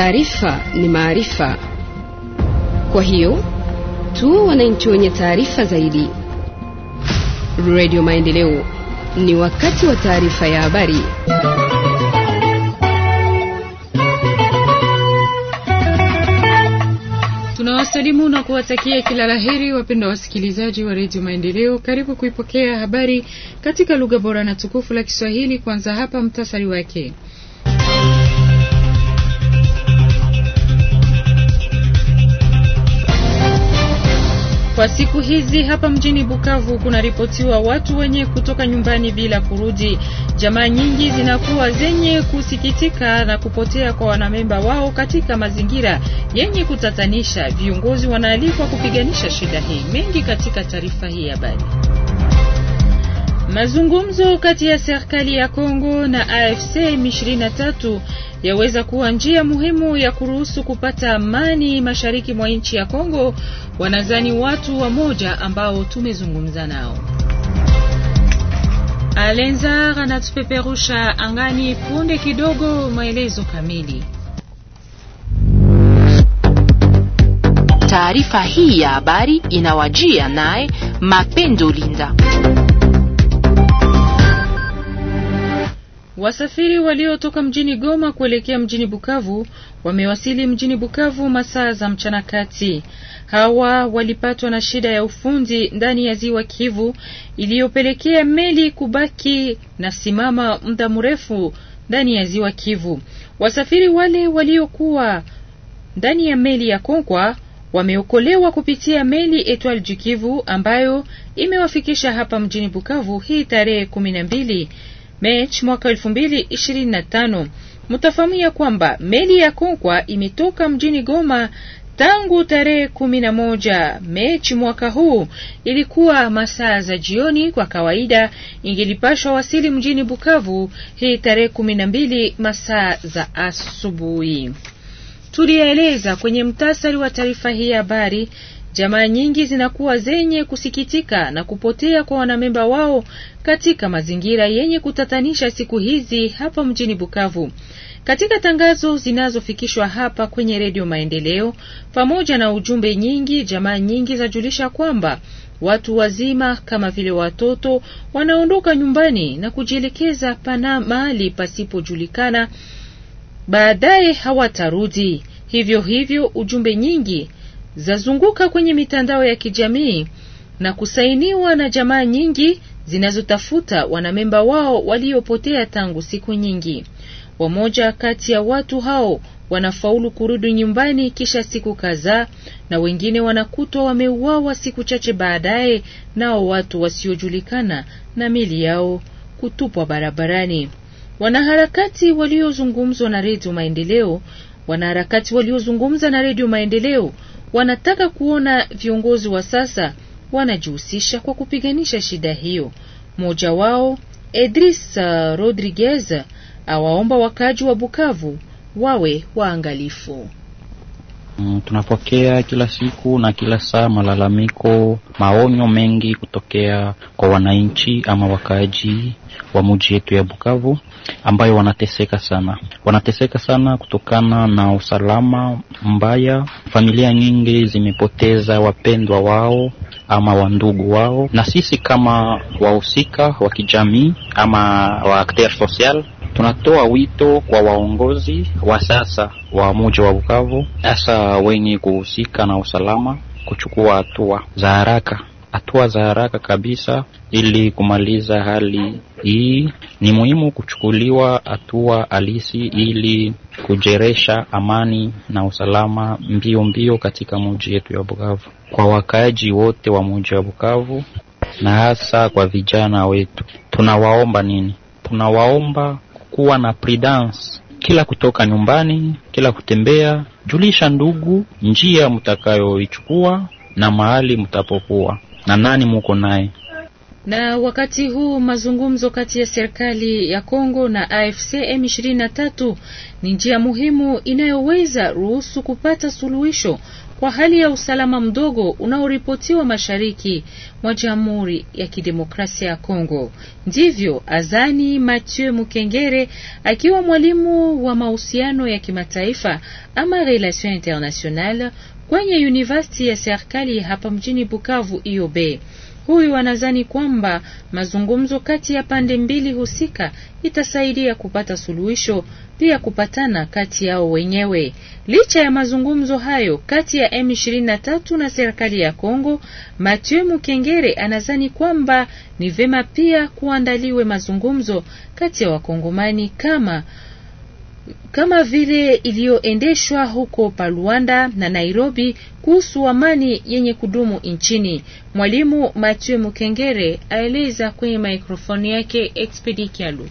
Taarifa ni maarifa, kwa hiyo tu wananchi wenye taarifa zaidi. Radio Maendeleo, ni wakati wa taarifa ya habari. Tunawasalimu na kuwatakia kila laheri, wapenda wasikilizaji wa redio Maendeleo. Karibu kuipokea habari katika lugha bora na tukufu la Kiswahili. Kwanza hapa mtasari wake. Kwa siku hizi hapa mjini Bukavu kunaripotiwa watu wenye kutoka nyumbani bila kurudi. Jamaa nyingi zinakuwa zenye kusikitika na kupotea kwa wanamemba wao katika mazingira yenye kutatanisha. Viongozi wanaalikwa kupiganisha shida hii. Mengi katika taarifa hii ya habari. Mazungumzo kati ya serikali ya Kongo na AFC M23 yaweza kuwa njia muhimu ya kuruhusu kupata amani mashariki mwa nchi ya Kongo, wanazani watu wamoja ambao tumezungumza nao. Alenzar anatupeperusha angani punde kidogo maelezo kamili. Taarifa hii ya habari inawajia naye Mapendo Linda. Wasafiri waliotoka mjini Goma kuelekea mjini Bukavu wamewasili mjini Bukavu masaa za mchana kati. Hawa walipatwa na shida ya ufundi ndani ya Ziwa Kivu iliyopelekea meli kubaki na simama muda mrefu ndani ya Ziwa Kivu. Wasafiri wale waliokuwa ndani ya meli ya Konkwa wameokolewa kupitia meli Etoile du Kivu ambayo imewafikisha hapa mjini Bukavu hii tarehe kumi na mbili. Machi mwaka 2025. Mutafahamia kwamba meli ya Konkwa imetoka mjini Goma tangu tarehe kumi na moja Mechi mwaka huu. Ilikuwa masaa za jioni, kwa kawaida ingelipashwa wasili mjini Bukavu hii tarehe kumi na mbili masaa za asubuhi. Tuliyaeleza kwenye mtasari wa taarifa hii habari Jamaa nyingi zinakuwa zenye kusikitika na kupotea kwa wanamemba wao katika mazingira yenye kutatanisha siku hizi hapa mjini Bukavu. Katika tangazo zinazofikishwa hapa kwenye Redio Maendeleo pamoja na ujumbe nyingi, jamaa nyingi zajulisha kwamba watu wazima kama vile watoto wanaondoka nyumbani na kujielekeza pana mahali pasipojulikana, baadaye hawatarudi. Hivyo hivyo ujumbe nyingi zazunguka kwenye mitandao ya kijamii na kusainiwa na jamaa nyingi zinazotafuta wanamemba wao waliopotea tangu siku nyingi. Wamoja kati ya watu hao wanafaulu kurudi nyumbani kisha siku kadhaa, na wengine wanakutwa wameuawa siku chache baadaye, nao watu wasiojulikana na mili yao kutupwa barabarani. Wanaharakati waliozungumzwa na Redio Maendeleo wanaharakati waliozungumza na Redio Maendeleo wanataka kuona viongozi wa sasa wanajihusisha kwa kupiganisha shida hiyo. Mmoja wao Edris Rodriguez awaomba wakaji wa Bukavu wawe waangalifu. Mm, tunapokea kila siku na kila saa malalamiko, maonyo mengi kutokea kwa wananchi ama wakaaji wa muji yetu ya Bukavu ambayo wanateseka sana, wanateseka sana kutokana na usalama mbaya. Familia nyingi zimepoteza wapendwa wao ama wandugu wao, na sisi kama wahusika wa kijamii ama wa acteur social Tunatoa wito kwa waongozi wa sasa wa muji wa Bukavu, hasa wenye kuhusika na usalama, kuchukua hatua za haraka, hatua za haraka kabisa ili kumaliza hali hii. Ni muhimu kuchukuliwa hatua halisi ili kujeresha amani na usalama mbio mbio katika mji yetu ya Bukavu, kwa wakaaji wote wa mji wa Bukavu na hasa kwa vijana wetu. Tunawaomba nini? Tunawaomba kuwa na prudence kila kutoka nyumbani, kila kutembea, julisha ndugu njia mtakayoichukua na mahali mtapokuwa na nani muko naye. Na wakati huu mazungumzo kati ya serikali ya Kongo na AFC M23 ni njia muhimu inayoweza ruhusu kupata suluhisho kwa hali ya usalama mdogo unaoripotiwa mashariki mwa Jamhuri ya Kidemokrasia ya Kongo. Ndivyo azani Mathieu Mukengere akiwa mwalimu wa mahusiano ya kimataifa ama relation internationale kwenye University ya serikali hapa mjini Bukavu IOB huyu anadhani kwamba mazungumzo kati ya pande mbili husika itasaidia kupata suluhisho, pia kupatana kati yao wenyewe. Licha ya mazungumzo hayo kati ya M23 na serikali ya Kongo, Mathieu Mukengere anadhani kwamba ni vema pia kuandaliwe mazungumzo kati ya wakongomani kama kama vile iliyoendeshwa huko Paluanda na Nairobi kuhusu amani yenye kudumu nchini. Mwalimu Mathieu Mukengere aeleza kwenye maikrofoni yake Expedi Kialu.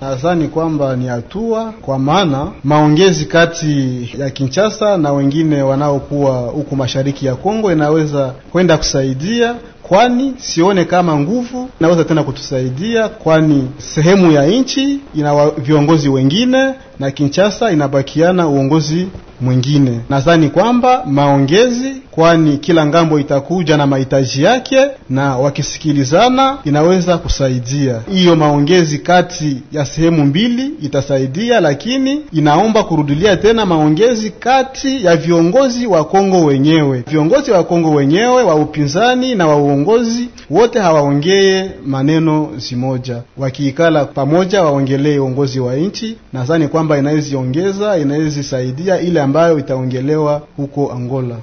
Nadhani kwamba ni hatua kwa maana maongezi kati ya Kinshasa na wengine wanaokuwa huku mashariki ya Kongo inaweza kwenda kusaidia kwani sione kama nguvu inaweza tena kutusaidia, kwani sehemu ya nchi ina viongozi wengine na Kinshasa inabakiana uongozi mwingine. Nadhani kwamba maongezi, kwani kila ngambo itakuja na mahitaji yake, na wakisikilizana inaweza kusaidia. Hiyo maongezi kati ya sehemu mbili itasaidia, lakini inaomba kurudilia tena maongezi kati ya viongozi wa Kongo wenyewe, viongozi wa Kongo wenyewe wa upinzani na wa uongozi, wote hawaongee maneno zimoja, wakiikala pamoja waongelee uongozi wa nchi. Nadhani kwamba kwamba inaweziongeza inawezisaidia ile ambayo itaongelewa huko Angola.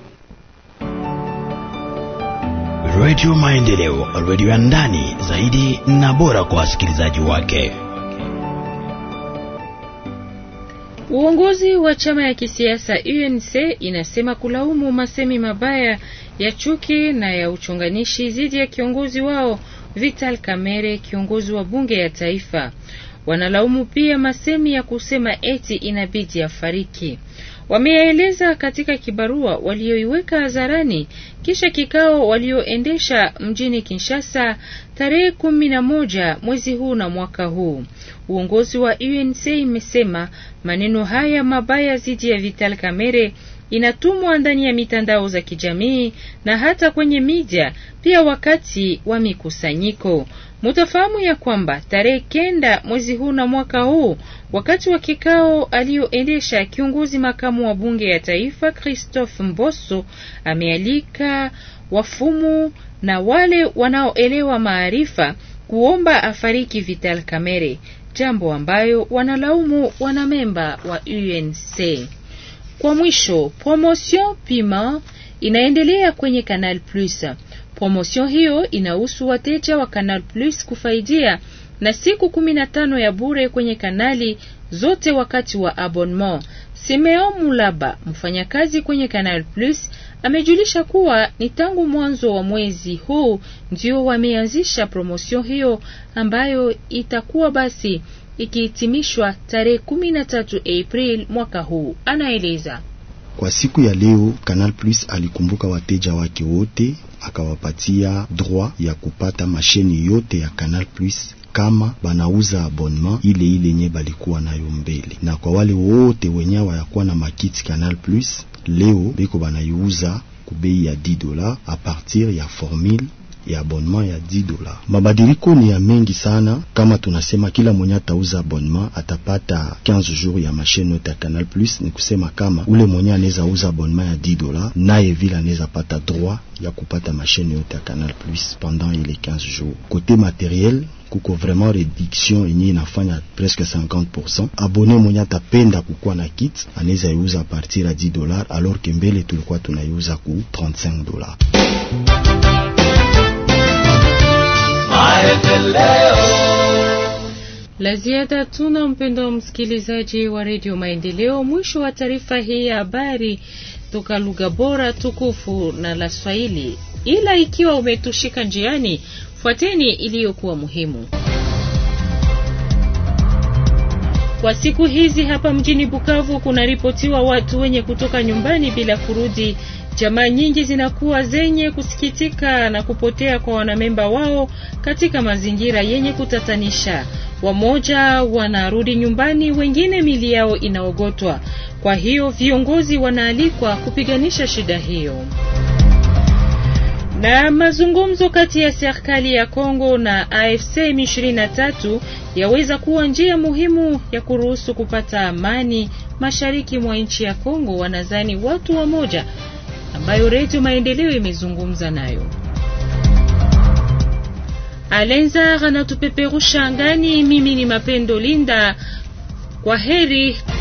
Radio Maendeleo, radio ya ndani zaidi na bora kwa wasikilizaji wake. Uongozi wa chama ya kisiasa UNC inasema kulaumu masemi mabaya ya chuki na ya uchonganishi dhidi ya kiongozi wao Vital Kamerhe, kiongozi wa bunge ya taifa. Wanalaumu pia masemi ya kusema eti inabidi afariki. wameyaeleza katika kibarua walioiweka hadharani kisha kikao walioendesha mjini Kinshasa tarehe kumi na moja mwezi huu na mwaka huu. Uongozi wa UNC imesema maneno haya mabaya dhidi ya Vital Kamerhe inatumwa ndani ya mitandao za kijamii na hata kwenye media, pia wakati wa mikusanyiko. Mutafahamu ya kwamba tarehe kenda mwezi huu na mwaka huu, wakati wa kikao aliyoendesha kiongozi makamu wa bunge ya taifa Christophe Mboso amealika wafumu na wale wanaoelewa maarifa kuomba afariki Vital Kamerhe, jambo ambayo wanalaumu wanamemba wa UNC. Kwa mwisho, Promotion pima inaendelea kwenye Canal Plus promotion hiyo inahusu wateja wa Canal Plus kufaidia na siku kumi na tano ya bure kwenye kanali zote wakati wa abonnement. Simeo Mulaba, mfanyakazi kwenye Canal Plus, amejulisha kuwa ni tangu mwanzo wa mwezi huu ndio wameanzisha promosio hiyo ambayo itakuwa basi ikihitimishwa tarehe tatu April mwaka huu. Anaeleza kwa siku ya leo Canal Plus alikumbuka wateja wake wote, akawapatia droit ya kupata masheni yote ya Canal Plus kama banauza abonnement ile ile nye balikuwa nayo mbele, na kwa wale wote wenye wayakuwa na makiti Canal Plus leo biko banaiuza kubei ya 10 dola a partir ya formule ya abonnement ya 10 dola. Mabadiliko ni mengi sana, kama tunasema kila mwenye atauza abonnement atapata 15 jours ya mashine ya Canal Plus. Ni kusema kama ule mwenye anaweza uza abonnement ya 10 dola naye vile anaweza pata droit ya kupata machine yote ya Canal Plus pendant ile 15 jours. côté matériel kuko vraiment reduction yenye inafanya presque 50%. Abone mwenye atapenda kukuwa na kit anaweza iuza a partir ya 10 dollars, alors que mbele tulikuwa tunaiuza ku 35 dollars. La ziada tuna mpendo wa msikilizaji wa redio Maendeleo. Mwisho wa taarifa hii ya habari toka lugha bora tukufu na la Swahili, ila ikiwa umetushika njiani, fuateni iliyokuwa muhimu kwa siku hizi. Hapa mjini Bukavu kunaripotiwa watu wenye kutoka nyumbani bila kurudi Jamaa nyingi zinakuwa zenye kusikitika na kupotea kwa wanamemba wao katika mazingira yenye kutatanisha. Wamoja wanarudi nyumbani, wengine mili yao inaogotwa. Kwa hiyo viongozi wanaalikwa kupiganisha shida hiyo. Na mazungumzo kati ya serikali ya Kongo na AFC M23 yaweza kuwa njia muhimu ya kuruhusu kupata amani mashariki mwa nchi ya Kongo, wanadhani watu wamoja ambayo Redio Maendeleo imezungumza nayo. Alenza anatupeperusha angani. Mimi ni Mapendo Linda, kwa heri.